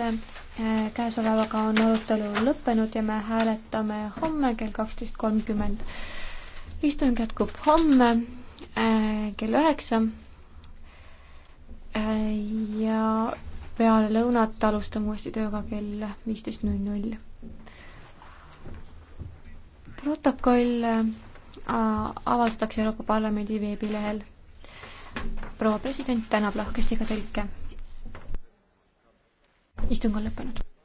selle. Äh, käesolevaga on arutelu lõppenud ja me hääletame homme kell kaksteist kolmkümmend. istung jätkub homme äh, kell üheksa. Äh, ja peale lõunat alustame uuesti tööga kell viisteist null null. protokoll avaldatakse Euroopa Parlamendi veebilehel. proua president tänab lahkesti ka tõlke istung on lõppenud.